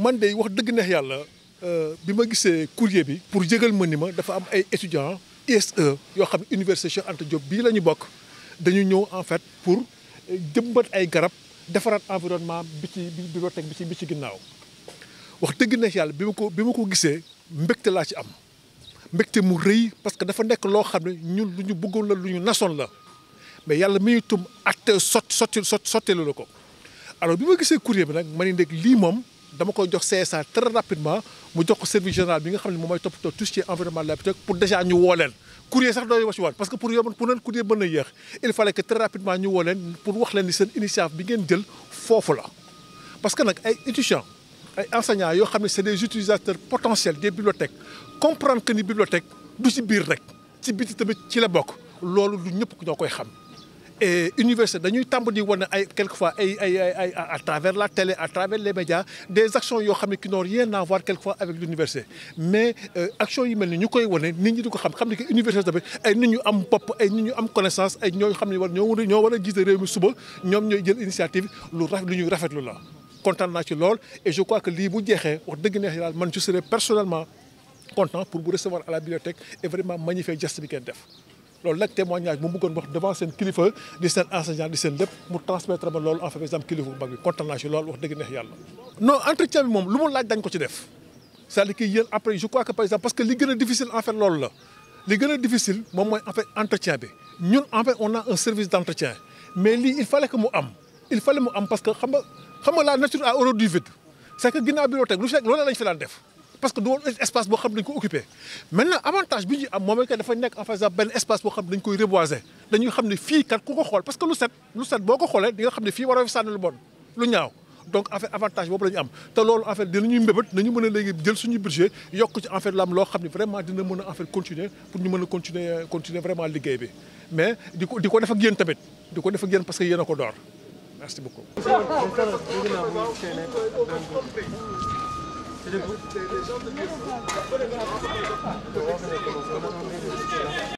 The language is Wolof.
man de wax dëgg neex yàlla euh, bi ma gisee courier bi pour jégal ma ni ma dafa am ay étudiants ISE yoo xam ne université Cheikh Anta Diop bii la ñu bokk dañu ñëw en fait pour jëmbat ay garab defaraat environnement bi ci bi ci bi ginnaaw wax dëgg neex yàlla bi ma ko bi ma ko gisee mbégte laa ci am. mbégte mu rëy parce que dafa nekk loo xam ne ñun lu ñu bëggoon la lu ñu nasoon la mais yàlla mi ñu tum atte sot sotti sot sot sotteelu la ko alors bi ma gisee courrier bi nag ma ne ndeg lii moom dama koy jox CSA très rapidement mu jox service général bi nga xam ne moom mooy toppatoo tout ce qui est environnement de l'habitat pour déjà ñu woo leen courrier sax dooy wax ci waat parce que pour yoon pour leen courrier mën na yéex il fallait que très rapidement la parce que nag ay étudiants ay enseignants yoo xam ne c'est des utilisateurs potentiels des bibliothèques comprendre que ni bibliothèque du si biir rek si biti tamit ci la bokk loolu du ñëpp ñoo koy xam. et université dañuy tàmbali wane ay quelquefois ay ay ay à travers la télé à travers les médias des actions yoo xam ne ki n'ont rien à voir quelquefois avec l'université mais euh, actions yi mel ni ñu koy wane nit ñi di ko xam xam ni que université tamit ay nit ñu am bopp ay nit ñu am connaissance ay ñoo xam ne war ñoo war a jiite réew mi suba ñoom ñooy jël initiative lu rafet lu ñuy la. kontaan naa ci lool et je crois que lii bu jeexee wax dëgg neex daal man je serai personnellement content pour bu recevoir à la bibliothèque et vraiment magnifier geste bi ngeen def. loolu nag témoignage bu mu bëggoon wax devant seen kilifa di seen enseignant di seen lépp mu transmettre ma loolu en fait exemple kilifa bu mag bi naa ci lool wax dëgg neex yàlla. non entretien bi moom lu mu laaj dañ ko ci def c'est-à-dire après je crois que par xam nga la nature a horreur du vide c' est que ginnaaw bibliothèque lu fi loolu lañ fi def parce que du espace boo xam dañ dañ koy reboiser dañuy xam ne fii kat ku ko xool parce que lu set lu set boo ko xoolee di nga xam ne fii waroo fi sànni lu bon lu ñaaw donc en avantage boobu la am te loolu en fait dinañuy mbébét nañu mën a léegi jël suñu budget yokk ci en fait am loo xam ne vraiment dina mën a en fait continuer pour ñu mën a continuer continuer ko di ko def ak ko def ak yéen parce que merci beaucoup.